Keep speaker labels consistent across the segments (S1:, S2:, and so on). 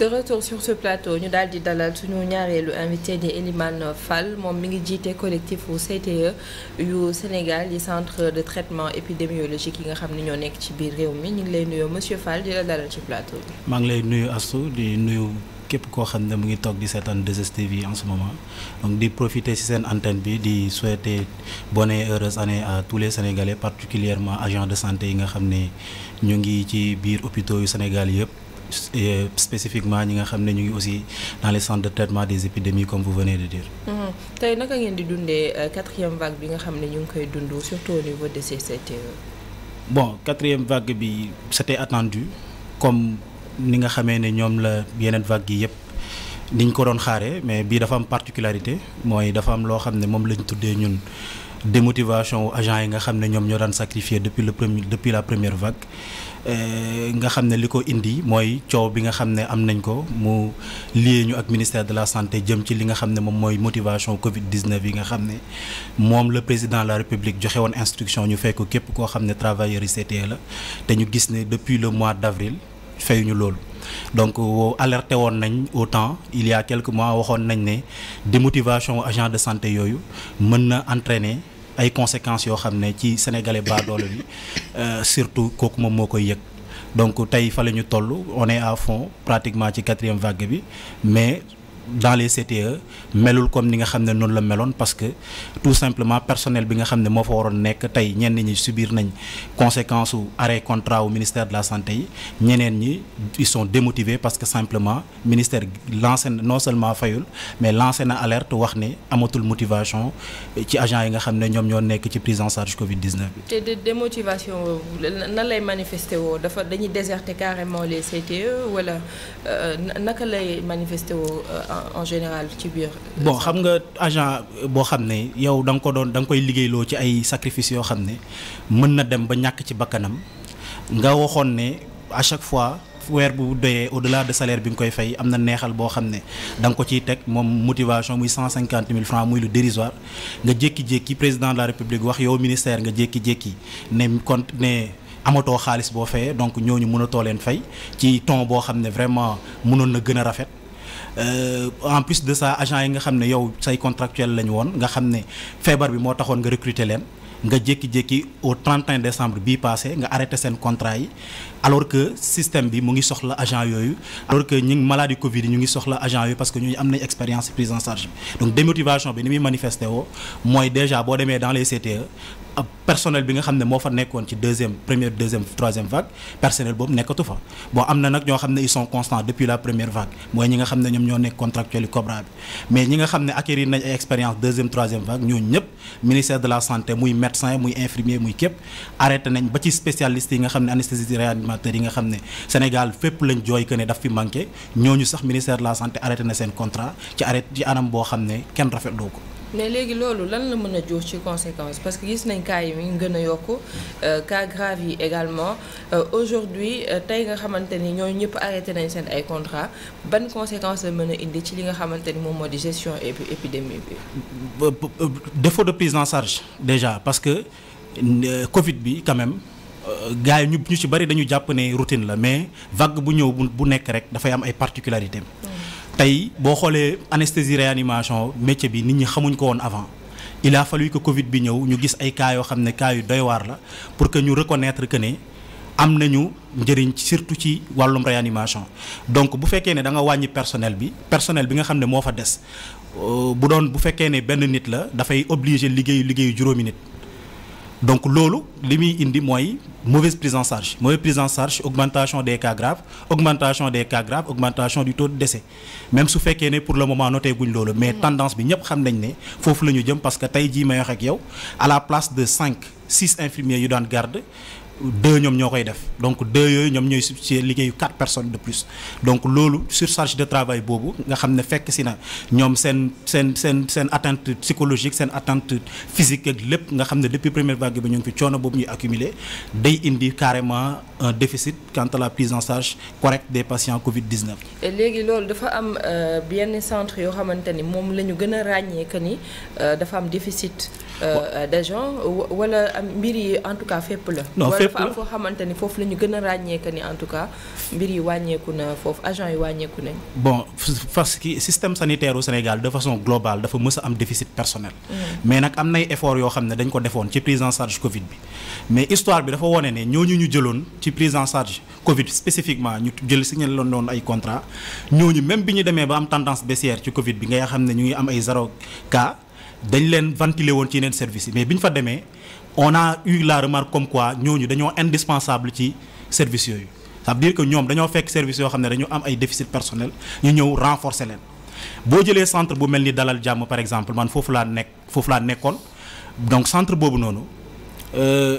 S1: de retour sur ce plateau ñu daal di dalal suñu ñaareelu invité di Elimane Fall moom mi ngi jiite collectif u CTE yu Sénégal yi centre de traitement épidémiologique yi nga xam ne ñoo nekk ci biir réew mi ñu ngi lay nuyoo monsieur Fall di la dalal ci plateau bi.
S2: maa ngi lay nuyu Astou di nuyu képp koo xam ne mu ngi toog di seetaan 2STV en ce moment donc di profiter ci seen antenne bi di souhaiter bonne et heureuse année à tous les Sénégalais particulièrement agents de santé yi nga xam ne ñu ngi ci biir hôpitaux yu Sénégal yëpp. et spécifiquement ñi nga xam ne ñu ngi aussi dans les centres traitement des épidémies comme vous de dire.
S1: Mm-hmm. tey naka ngeen di dundee euh, quatrième vague bi nga xam ne ñu ngi koy dund surtout au niveau de CCTE.
S2: bon quatrième vague bi c'était attendu comme ni nga xamee ne ñoom la yeneen vague yi yépp. niñ ko doon xaaree mais bii dafa am particularité mooy dafa am loo xam ne moom lañ tuddee ñun. démotivation agent yi nga xam ne ñoom ñoo daan sacrifier depuis le premier depuis la première vague euh, nga xam ne li ko indi mooy coow bi nga xam ne am nañ ko mu lié ñu ak ministère de la santé jëm ci li nga xam ne moom mooy motivation Covid 19 yi nga xam ne moom le président de la République joxe woon instruction ñu fekk képp koo xam ne travailleurs yi CTE la te ñu gis ne depuis le mois d' avril fayuñu loolu. donc alerte woon nañ autant il y a quelques mois waxoon nañ ne démotivation agent de santé yooyu mën na entraîner. ay conséquences yoo xam ne ci sénégalais baa doole bi euh, surtout kooku moom moo koy yëg donc tey fa la ñu toll on est à fond pratiquement ci quatrième vague bi mais dans les CTE melul comme ni nga xam ne noonu la meloon parce que tout simplement personnel bi nga xam ne moo fa waroon nekk tey ñenn ñi subir nañ conséquence su arrêt contrat au ministère de la santé yi ñeneen ñi ils sont démotivés parce que simplement ministère lancé na non seulement fayul mais lancé na alerte wax ne amatul motivation ci agent yi nga xam ne ñoom ñoo nekk ci prise en charge Covid 19
S1: bi. te de démotivation nan lay manifester dafa dañuy déserter en général ci biir. Euh,
S2: bon xam nga agent boo xam ne yow da ko doon da nga koy liggéeyloo ci ay sacrifice yoo xam ne mën na dem ba ñàkk ci bakkanam nga waxoon ne à chaque fois. weer bu doyee au delà de salaire bi nga koy fay am na neexal boo xam ne da nga ko ciy teg moom motivation muy cent cinquante mille francs muy lu dérisoire nga jékki-jékki président de la république wax yow ministère nga jékki-jékki ne compte ne amatoo xaalis boo fayee donc ñooñu mën a too leen fay ci ton boo xam ne vraiment mënoon na gën a rafet Euh, en plus de ça agent yi nga xam ne yow say contractuel la ñu woon nga xam ne feebar bi moo taxoon nga recruter leen nga jékki-jékki au 31 décembre bii passé nga arrêté seen contrat yi alors que système bi mu ngi soxla agent yooyu alors que ñu ngi maladie Covid yi ñu ngi soxla agent yooyu parce que ñu am nañ expérience prise en charge bi donc démotivation bi ni muy manifesté oo mooy déjà boo demee dans les CTE ak personnel bi nga xam ne moo fa nekkoon ci deuxième première deuxième troisième vague personnel boobu nekkatu fa bon am na nag ñoo xam ne ils sont constants depuis la première vague mooy ñi nga xam ne ñoom ñoo nekk contractuel yi bi mais ñi nga xam ne acquérir nañ ay expérience deuxième troisième vague ñooñu ñëpp ministère de la santé muy médecin muy infirmier muy képp arrêté nañ ba ci spécialiste yi nga xam ne anesthésiste réanimateur yi nga xam ne Sénégal fépp lañ jooy que ne daf fi manqué ñooñu sax ministère la santé arrêté na seen contrat ci anam boo xam ne kenn rafetloo ko
S1: mais léegi loolu lan la mën a jox ci conséquence parce que gis nañ cas yi mi ngi gën a yokk euh, cas grave yi également euh, aujourd'hui euh, tey nga xamante ni ñooñu ñëpp arrêté nañ seen ay contrat ban conséquence la mën a indi ci li nga xamante ni moom moo di gestion épidémie
S2: bi défaut de prise en charge déjà parce que Covid bi quand même gars yi ñu ñu ci bari dañu jàpp ne routine la mais vague bu ñëw bu nekk rek dafay am ay particularités mm. tey boo xoolee anesthésie réanimation métier bi nit ñi xamuñ ko woon avant il a fallu que Covid bi ñëw ñu gis ay cas yoo xam ne cas yu doy waar la pour que ñu reconnaître que ne am nañu njëriñ surtout ci wàllum réanimation donc bu fekkee ne da nga wàññi personnel bi personnel bi nga xam ne moo fa des euh, bu doon bu fekkee ne benn nit la dafay obligé liggéeyu liggéeyu juróomi nit. donc loolu li muy indi mooy mauvaise prise en charge mauvaise prise en charge augmentation des cas graves augmentation des cas graves augmentation du taux de décès même su fekkee ne pour le moment noté guñ loolu mais tendance bi ñëpp xam nañ ne foofu la ñu jëm parce que tey jii may wax ak yow à la place de cinq six infirmiers yu daan garde deux ñoom ñoo koy def donc deux yooyu ñoom ñooy substituer liggéeyu quatre personnes de plus donc loolu surcharge de travail boobu nga xam ne fekk si na ñoom seen seen seen seen attente psychologique seen attente physique ak lépp nga xam ne depuis première vague bi ñu ngi fi coono boobu ñuy accumuler day indi carrément un déficit quant à la prise en charge correcte des
S1: léegi loolu dafa am yenn euh, centre yoo xamante ni moom la ñu gën a ràññee ni euh, dafa am déficit euh, d'agent wala mbir yi en tout cas fépp la. non fépp la dafa am foo xamante ni foofu la ñu gën a ràññee ni en tout cas mbir yi wàññeeku na foofu agent yi wàññeeku nañ.
S2: bon parce que système sanitaire au Sénégal de façon globale dafa mës am déficit personnel. Mm. mais nag am nay effort yoo xam ne dañ ko defoon ci prise en charge Covid bi prise en charge Covid spécifiquement ñu jël signé loon doon ay contrat ñooñu même bi ñu demee ba am tendance baissière ci Covid bi nga xam ne ñu ngi am ay zéro cas dañ leen ventiler woon ci yeneen service yi mais bi ñu fa demee on a eu la remarque comme quoi ñooñu dañoo indispensable ci service yooyu c'est-à-dire que ñoom dañoo fekk service yoo xam ne dañoo am ay déficit personnel ñu ñëw renforcer leen boo jëlee centre bu mel ni Dalal Jàmm par exemple man foofu laa nekk foofu laa nekkoon donc boobu noonu euh,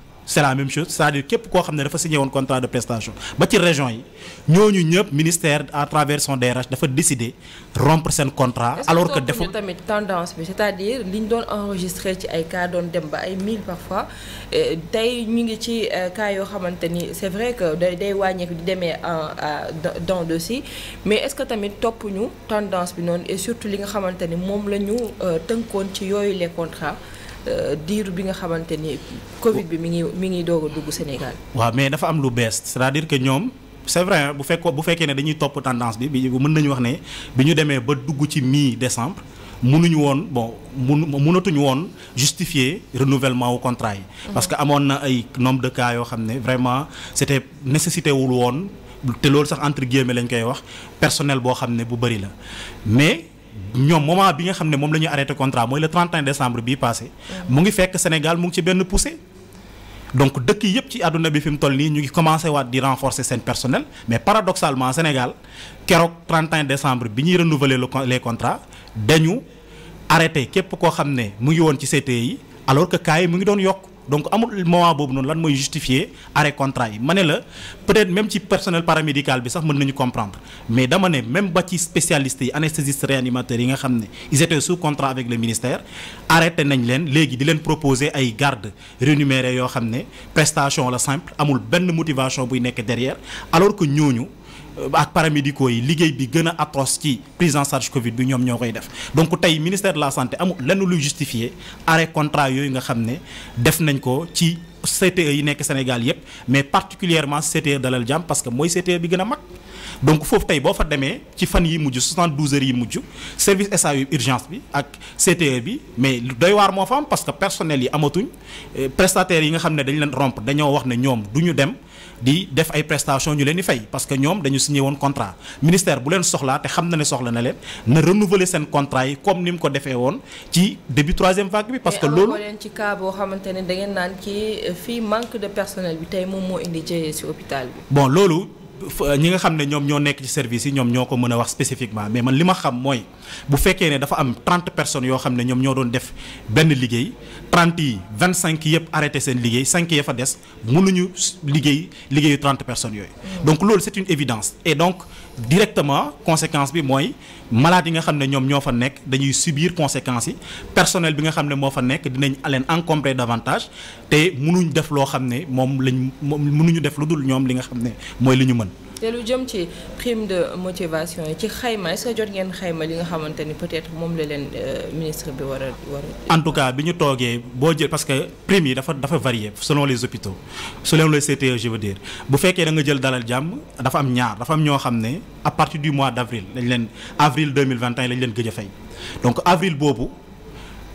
S2: c'est la même chose c'est-à-dire képp koo xam ne dafa signé woon contrat de prestation ba ci région yi ñooñu ñëpp ministère à travers son DRH dafa décider rompre seen contrat. alors que defu
S1: tamit tendance bi c'est-à-dire liñ doon enregistré ci ay cas doon dem ba ay mille parfois euh, tey ñu ngi ci euh, cas yoo xamante ni c'est vrai que day day wàññeek di demee dans de si mais est-ce que tamit topp ñu tendance bi noonu et surtout li nga xamante ni moom la euh, tënkoon ci yooyu les contrats. Euh, diiru bi nga xamante ni Covid bi mi ngi mi ngi doog a dugg Sénégal.
S2: waaw mais dafa am lu bees c'est-à-dire que ñoom. c'est vrai bu fekkoon bu fekkee ne dañuy topp tendance bi bi mën nañu wax ne bi ñu demee ba dugg ci mi décembre munuñu woon bon mun mënatuñu woon justifier renouvellement wu contrat yi. Mhm. parce que amoon na ay nombre de yoo xam ne vraiment c'était nécessité wul woon te loolu sax entre guillemets lañ koy wax personnel boo xam ne bu bari la ñoom moment bi nga xam ne moom la ñuy arrêté contrat mooy le 31 décembre bii passé mu ngi fekk Sénégal mu ngi ci benn poussée donc dëkk yëpp ci àdduna bi fi mu toll nii ñu ngi commencé waat di renforcer seen personnel mais paradoxalement Sénégal keroog 31 décembre bi ñuy renouveler les contrats dañu arrêté képp koo xam ne mu ngi woon ci CTI alors que cas yi mu ngi doon yokk donc amul moment boobu noonu lan mooy justifier arrêt contrat yi ma ne la peut-être même ci personnel paramédical bi sax mën nañu comprendre mais dama ne même ba ci spécialistes yi anesthésistes réanimateurs yi nga xam ne ils étaient sous contrat avec le ministère arrêté nañ leen léegi di leen proposer ay garde rémunérés yoo xam ne prestation la simple amul benn motivation buy nekk derrière alors que ñooñu Euh, ak paramédicaux yi liggéey bi gën a atroce ci prise en charge Covid bi ñoom ñoo koy def donc tey ministère de la santé amul lenn luy justifier arrêt contrat yooyu nga xam ne def nañ ko ci CTE yi nekk Sénégal yépp mais particulièrement CTE Dalal Jàmm parce que mooy CTE bi gën a mag donc foofu tey boo fa demee ci fan yi mujj 72 heures yi mujj service SAU urgence bi ak CTE bi mais lu waar moo fa am parce que personnel yi amatuñ euh, prestataires yi nga xam ne dañ leen rompre dañoo wax ne ñoom du ñu dem di def ay prestations ñu leen di fay parce que ñoom dañu signé woon contrat ministère bu leen soxlaa te xam na ne soxla na leen na renouveler seen contrat yi comme ni mu ko defee woon ci début troisième vague bi. parce que loolu
S1: leen ci cas boo xamante ne da ngeen naan ci fi manque de personnel bi tey moom moo indi jëyee ci hôpital bi.
S2: bon loolu. ñi nga xam ne ñoom ñoo nekk ci service yi ñoom ñoo ko mën a wax spécifiquement mais man li ma xam mooy bu fekkee ne dafa am trente personnes yoo xam ne ñoom ñoo doon def benn liggéey trente yi vingt cinq yëpp arrêté seen liggéey cinq ya fa des mënuñu liggéey liggéeyu trente personnes yooyu. Mm. donc loolu c'est une évidence et donc directement conséquence bi mooy. malade yi nga xam ne ñoom ñoo fa nekk dañuy subir conséquence yi personnel bi nga xam ne moo fa nekk dinañ leen encombrer davantage te mënuñu def loo xam ne moom lañ moom mënuñu def lu dul ñoom li nga xam ne mooy li ñu mën
S1: te lu jëm ci prime de motivation yi ci xayma est-ce que jot ngeen xayma li nga xamante ni peut-être moom la leen euh, ministre bi war
S2: en tout cas bi ñu toogee boo jël parce que prime yi dafa dafa varié selon les hôpitaux selon les CTE je veux dire bu fekkee da nga jël dalal jàmm dafa am ñaar dafa am ñoo xam ne à partir du mois d'avril lañ leen avril 2021 lañ leen gëj a fay donc avril boobu.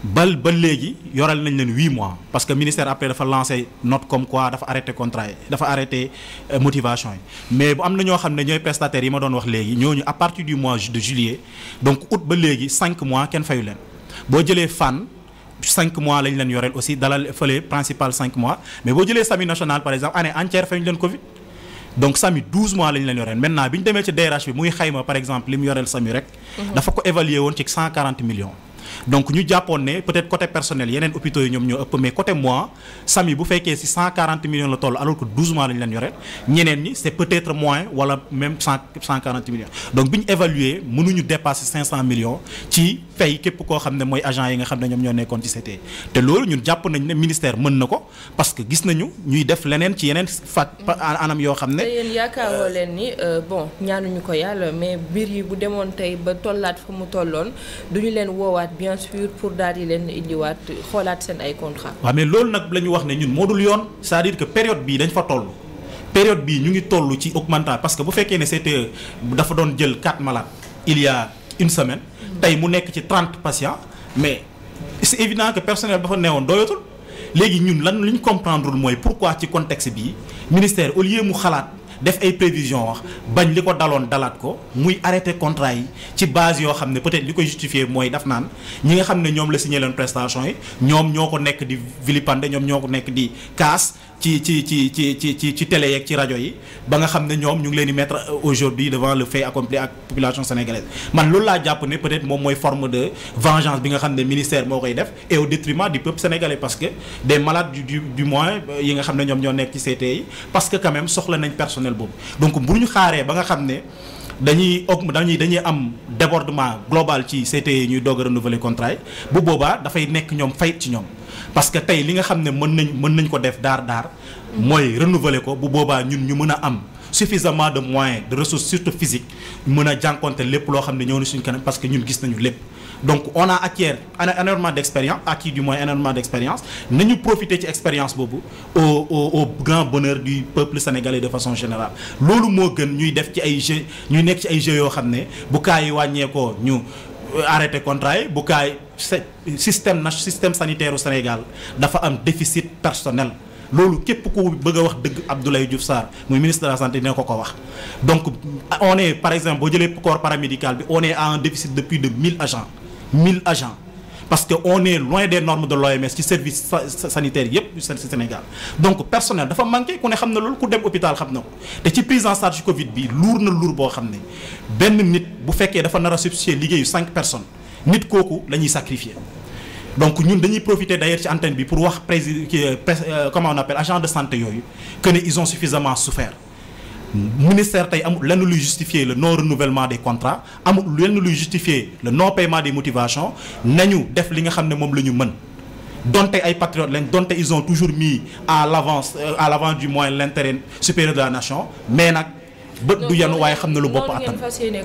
S2: bal ba léegi yoral nañ leen huit mois parce que ministère après dafa lancé note comme quoi dafa arrêté contrat yi dafa arrêté euh, motivation yi mais bu am na ñoo xam ne ñooy prestataires yi ma doon wax léegi ñooñu à partir du mois de juillet donc août ba léegi cinq mois kenn fayu leen boo jëlee fan cinq mois lañ leen yoreel aussi dalal fële principal cinq mois mais boo jëlee SAMU national par exemple année entière fayuñu leen Covid donc SAMU 12 mois lañ donc ñu jàppoon ne peut-être côté personnel yeneen hôpitaux yi ñoom ñoo ëpp mais côté mois sami bu fekkee ci 140 millions la toll alors que 12 mois la ñu leen yore ñeneen ñi c'est peut-être moins wala même 100 140 millions donc bi ñu évaluer mënuñu dépasser 500 millions ci fay képp koo xam ne mooy agent yi nga xam ne ñoom ñoo nekkoon ci CTE te loolu ñun jàpp nañ ne ministère mën na ko parce que gis nañu ñuy def leneen ci yeneen fat anam yoo xam ne.
S1: te leen ni euh, bon ñaanuñu ko yàlla mais mbir yi bu demoon tey ba tollaat fu mu tolloon duñu leen bien sûr pour daal di leen indiwaat xoolaat seen ay contrat
S2: waaw mais loolu nag la ñu wax ne ñun moo dul yoon c'est-à-dire que période bii dañ fa toll période bii ñu ngi toll ci augmentation parce que bu fekkee ne c'était dafa doon jël quatre malades il y a une semaine tey mu nekk ci trente patients mais c'est évident que personnel ba fa neewoon doyatul léegi ñun lan li ñu comprendrewul mooy pourquoi ci contexte bi ministère au lieu mu xalaat def ay prévision wax bañ li ko daloon dalaat ko muy arrêté contrat yi ci base yoo xam ne peut-être li koy justifier mooy daf naan ñi nga xam ne ñoom la signé leen prestation yi ñoom ñoo ko nekk di vilipande ñoom ñoo ko nekk di kaas ci ci ci ci ci ci ci télé yeeg ci rajo yi ba nga xam ne ñoom ñu ngi leen di mettre aujourd'hui devant le fait accompli ak population sénégalaise man loolu ne peut-être moom mooy forme de vengeance bi nga xam ne ministère moo koy def et au parce que des malades du euh, ne ñoom ñoo nekk ci CTI parce que quand même soxla nañ personnel personnel boobu donc bu ñu xaaree ba nga xam ne dañuy aug dañuy dañuy am débordement global ci CTI e ñuy doog a renouveler contrat yi bu boobaa dafay nekk ñoom fayit ci ñoom parce que tey li nga xam ne mën nañ mën nañ ko def daar daar mooy renouveler ko bu boobaa ñun ñu mën a am suffisamment de moyens de ressources surtout physiques mën a jànkonte lépp loo xam ne ñëw na suñu kanam parce ñun gis nañu lépp donc on a acquis énormément d'expérience acquis du moins énormément d'expérience nañu profiter ci expérience boobu au au au grand bonheur du peuple sénégalais de façon général loolu moo gën ñuy def ci ay jeux ñuy nekk ci ay jeux yoo xam ne bu kaa yi wàññeekoo ñu arrêté contrat yi bu kaa système na système sanitaire au Sénégal dafa am déficit personnel loolu képp ku bëgg a wax dëgg Abdoulaye Diouf Sarr muy ministre de la santé dina ko ko wax donc a est par exemple boo jëlee corps paramédical bi on est à un déficit de plus de mille agents parce que on est loin des normes de l'OMS ci service sanitaire yëpp ci Sénégal donc personnel dafa manqué ku ne xam na loolu ku dem hôpital xam na ko te ci prise en charge Covid bi luur na luur boo xam ne benn nit bu fekkee dafa nar a substituer liggéeyu cinq personnes nit kooku lañuy ñuy sacrifier donc ñun dañuy profiter d'ailleurs ci antenne bi pour wax président euh, euh, comment on appelle agent de santé yooyu que ne ils ont suffisamment souffert. ministère tey amul lenn luy justifier le non renouvellement des contrats amul lenn luy justifier le non paiement des motivations nañu def li nga xam ne moom la ñu mën donte ay patriotes lañ donte ils toujours mii à l'avance euh, à l'avant du moins l'intérêt supérieur de la nation mais nag bët du yanu waaye xam na lu bopp attan.
S1: fas yéene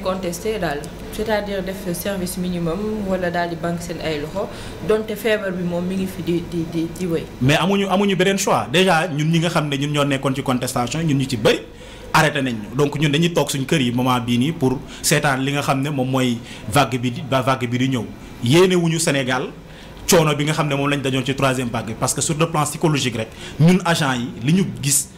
S1: daal c'est-à-dire def service minimum wala daal di banque seen ay loxo donte feebar bi moom mi ngi fi di di di di
S2: mais amuñu amuñu beneen choix déjà ñun ñi nga xam ne ñun ñoo nekkoon ci contestation ñun ñu ci bëri. arrêté nañ donc ñun dañuy toog suñ kër yi moment bii nii pour seetaan li nga xam ne moom mooy vague bi di ba vague bi di ñëw yéene wuñu Sénégal coono bi nga xam ne moom lañ dajoon ci troisième vague bi parce que sur le plan psychologique rek ñun agent yi li ñu gis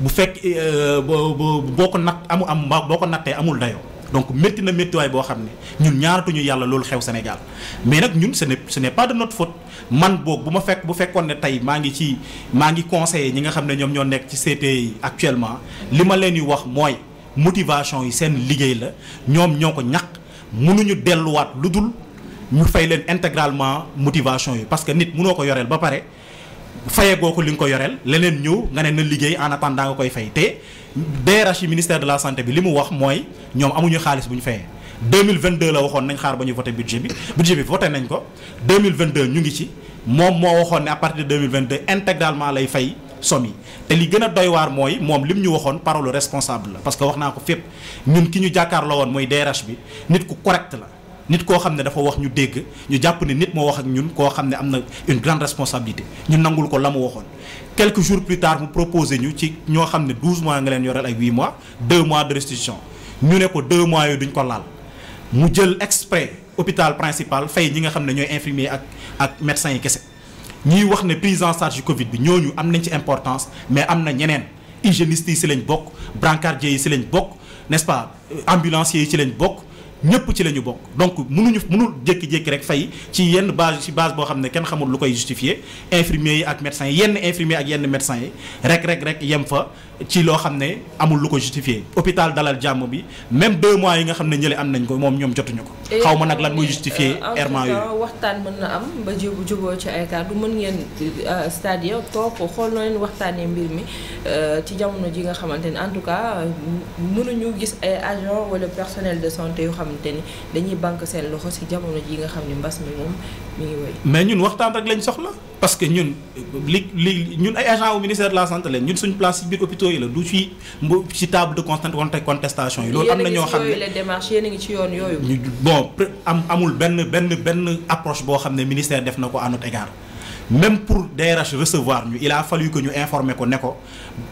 S2: bu fekk euh, boo ko nat amu am boo ko nattee amul dayoo. donc métti na méttiwaay boo xam ne ñun ñaaratuñu yàlla loolu xew Sénégal mais nag ñun ce sene ce n'est pas man boog bu ma fekk bu fekkoon ne tey maa ngi ci maa ngi conseillé ñi nga xam ne ñoom ñoo nekk ci CTI yi actuellement li ma leen di wax mooy motivation yi seen liggéey la ñoom ñoo ko ñàkk munuñu delluwaat lu dul ñu fay leen integralement motivation yi parce que nit mënoo ko yoreel ba pare fayee goo ko li nga ko yoreel leneen ñëw nga ne na liggéey en nga koy fay te DRH yi ministère de la santé bi li mu wax mooy ñoom amuñu xaalis bu ñu fayee 2022 la waxoon nañ xaar ba ñu voté budget bi budget bi voté nañ ko 2022 ñu ngi ci moom moo waxoon ne à partir de 2022 intégralement lay fay somme yi te li gën a doy mooy moom li mu ñu waxoon parole responsable la parce que wax naa ko fépp ñun ki ñu jàkkaarloo woon mooy DRH bi nit ku correct la nit koo xam ne dafa wax ñu dégg ñu jàpp ne nit moo wax ak ñun koo xam ne am na une grande responsabilité ñu nangul ko la mu waxoon quelques jour plus tard mu proposé ñu ci ñoo xam ne 12 mois nga leen yoreel ak 8 mois 2 mois de restitution ñu ne ko 2 mois yooyu duñ ko laal mu jël exprès hôpital principal fay ñi nga xam ne ñooy infirmier ak ak médecins yi kese ñuy wax ne prise en charge Covid bi ñooñu am nañ ci importance mais am na ñeneen hygiénistes yi si lañ bokk brancardiers yi si lañ bokk nest pas ambulanciers yi ci lañ bokk. ñëpp ci la ñu bokk donc mënuñu mënul jékki-jékki rek fay ci yenn base ci base boo xam ne kenn xamul lu koy justifier infirmiers yi ak médecins yi yenn infirmiers ak yenn médecins yi rek rek yem fa ci loo xam ne amul lu ko justifier hôpital dalal jàmm bi même deux mois yi nga xam ne ñële am nañ ko moom ñoom jotuñu ko xaw ma nag lan mooy justifier euh, errement yooyu
S1: waxtaan mën na am ba jibu juboo ci ay kàddu mën ngeen euh, stade ya toog xool noo leen waxtaanee mbir mi euh, ci jamono ji nga xamante ne en tout cas mënuñu de santé yoo xamante ni dañuy banque seen loxo si jamono ji nga xam ne mbas mi moom
S2: mais ñun waxtaan rek lañ soxla parce que ñun li li ñun ay agent au ministère la santé lañ ñun suñu place si biir hôpitaux yi la du ci mbo ci table de constat contestation yi. loolu am na ñoo xam ne
S1: yéen a ngi ci yooyu la démarche yéen ngi ci yoon yooyu.
S2: bon am amul benn benn benn approche boo xam ne ministère def na ko à notre même pour DRH recevoir ñu il a fallu que ñu informer ko ne ko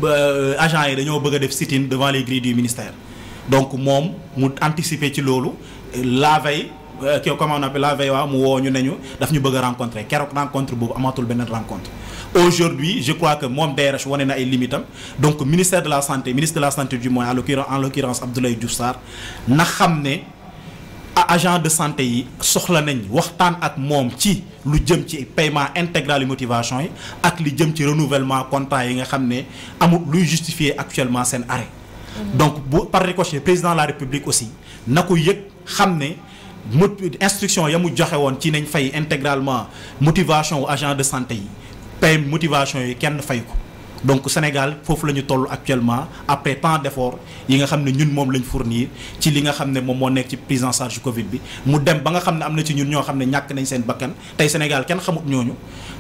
S2: euh, agent yi dañoo bëgg a def sit-in devant les grilles du ministère donc moom mu anticiper ci loolu la veille euh, kii comment on appelle la veille mu woo ñu ne ñu daf ñu bëgg a rencontrer keroog rencontre boobu amatul beneen rencontre. aujourd'hui je crois que moom DRH wane na ay limites am donc ministère de la santé ministre de la santé du moins en l'occurrence en l'occurrence Abdoulaye Diouf Sarr na xam ne agent de santé yi soxla nañ waxtaan ak moom ci lu jëm ci paiement intégral motivation yi ak li jëm ci renouvellement contrat yi nga xam ne amul luy justifier actuellement seen arrêt. donc bu par ricochet président la république aussi na ko yëg xam ne mot instruction ya mu joxe woon ci nañ fay intégralement motivation agent de santé yi pay motivation yi kenn fay ko donc Sénégal foofu la ñu toll actuellement après tant d'efforts yi nga xam ne ñun moom lañ fournir ci li nga xam ne moom moo nekk ci prise en charge Covid bi mu dem ba nga xam ne am na ci ñun ñoo xam ne ñàkk nañ seen bakkan tey Sénégal kenn xamut ñooñu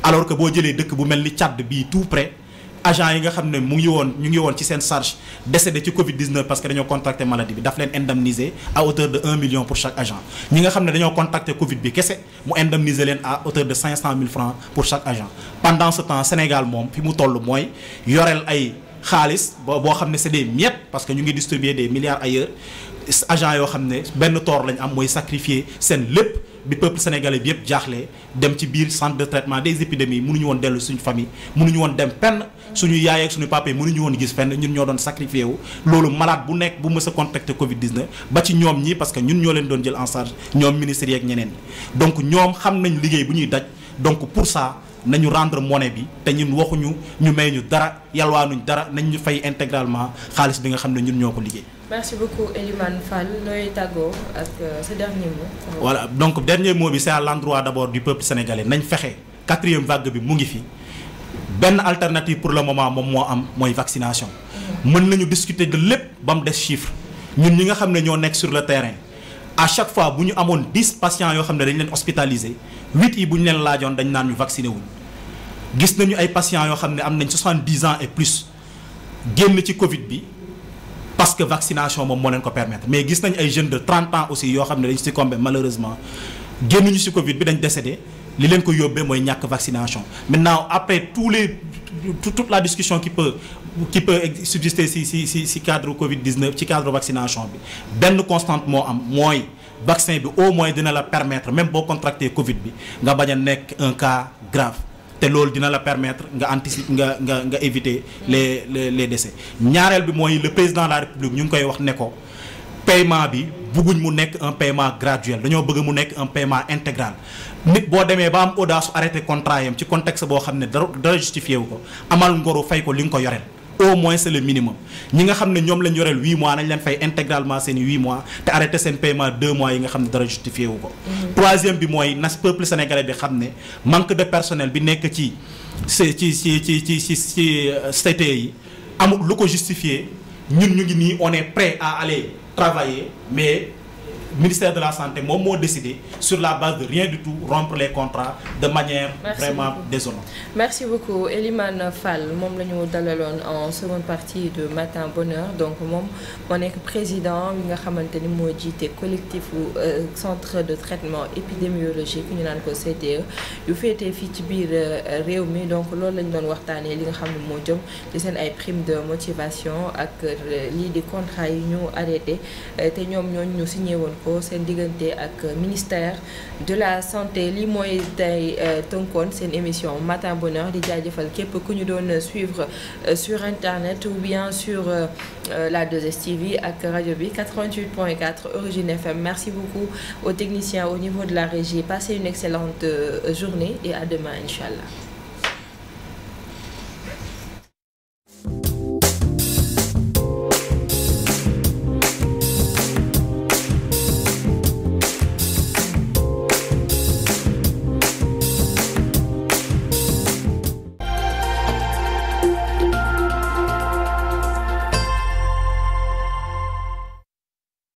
S2: alors que boo jëlee dëkk bu mel ni Tchad bii tout près agent yi nga xam ne mu ngi woon ñu ngi woon ci seen charge décédé ci Covid 19 parce que dañoo contracté maladie bi daf leen indemniser à hauteur de 1 million pour chaque agent ñi nga xam ne dañoo contracté Covid bi kese mu indemniser leen à hauteur de 500 000 francs pour chaque agent pendant ce temps Sénégal moom fi mu toll mooy yoreel ay xaalis boo boo xam ne c'est des miettes parce que ñu ngi distribuer des milliards ailleurs agent yoo xam ne benn toor lañ am mooy sacrifier seen lépp. bi peuple sénégalais bi yëpp jaaxlee dem ci biir centre de traitement des épidémies mënuñu woon dellu suñu famille mënuñu woon dem fenn suñu yaay ak suñu papa yi mënuñu woon gis fenn ñun ñoo doon sacrifié wu loolu malade bu nekk bu mës a contacté covid 19 ba ci ñoom ñi parce que ñun ñoo leen doon jël en charge ñoom ministres yeeg ñeneen donc ñoom xam nañ liggéey bu ñuy daj donc pour ça ñu rendre monnaie bi te ñun waxuñu ñu may ñu dara yalwaanuñ dara nañ ñu fay intégralement xaalis bi nga xam ne ñun ñoo ko liggéey
S1: merci beaucoup Elimane Fall looy tàggoo ak euh,
S2: donc dernier mot bi c'est à l'endroit d'abord du peuple sénégalais nañ fexe quatrième vague bi mu ngi fi benn alternative pour le moment moom moo am mooy vaccination. mën nañu discuter de lépp ba mu des chiffre ñun ñi nga xam ne ñoo nekk sur le terrain a chaque fois bu ñu amoon dix patients yoo xam ne dañ leen hospitalisé huit yi bu ñu leen laajoon dañ naan ñu vacciné wuñ gis nañu ay patients yoo xam ne am nañ soixante-dix ans et plus génn ci Covid bi. parce que vaccination moom moo leen ko permettre mais gis nañ ay jeunes de 30 ans aussi yoo xam ne dañ succombé malheureusement génnuñu ci Covid bi dañ décédé li leen ko yóbbee mooy ñàkk vaccination maintenant après tous les toute la discussion qui peut qui peut subsister ci ci ci ci cadre Covid 19 ci cadre vaccination bi benn constante moo am mooy vaccin bi au moins dina la permettre même boo contracté Covid bi nga bañ a nekk un cas grave. te loolu dina la permettre nga anticiper nga nga nga éviter les les les décès ñaareel bi mooy le président de la république ñu ngi koy wax ne ko paiement bi bëgguñ mu nekk un paiement graduel dañoo bëgg mu nekk un paiement intégral nit boo demee ba am audace arrêté contrat yam ci contexte boo xam ne dara dara wu ko amal ngoru fay ko li nga ko yoreel. au moins c'est le minimum ñi nga xam ne ñoom lañ yoreel huit mois nañ leen fay intégralement seen huit mois te arrêté seen paiement deux mois yi nga xam ne dara justifié ko mhm. troisième bi mooy nas peuple sénégalais bi xam ne manque de personnel bi nekk ci ci ci ci ci ci ci euh, CTE yi amul lu ko justifié ñun ñu ngi nii on est prêt à aller travailler mais ministère de la santé moom moo décidé sur la base de rien du tout rompre les contrats de manière merci vraiment beaucoup.
S1: merci beaucoup Elimane Fall moom la ñu dalaloon en seconde partie de Matin Bonheur donc moom moo nekk président bi nga xamante ni moo jiite collectif euh, centre de traitement épidémiologique ñu naan ko CTE yu féetee fii ci biir euh, réew mi donc loolu lañ doon waxtaanee li nga xam ne moo jëm ci seen ay prime de motivation ak euh, lii di contrat yi ñu arrêté te ñoom ñooñu ñu signé woon ko seen diggante ak ministère de la santé li mooy tey euh, tënkoon seen émission matin bonheur di jaajëfal képp ku ñu doon suivre euh, sur internet ou bien sur euh, la 2STV ak rajo bi 88.4 Origine FM merci beaucoup aux techniciens au niveau de la régie passez une excellente journée et à demain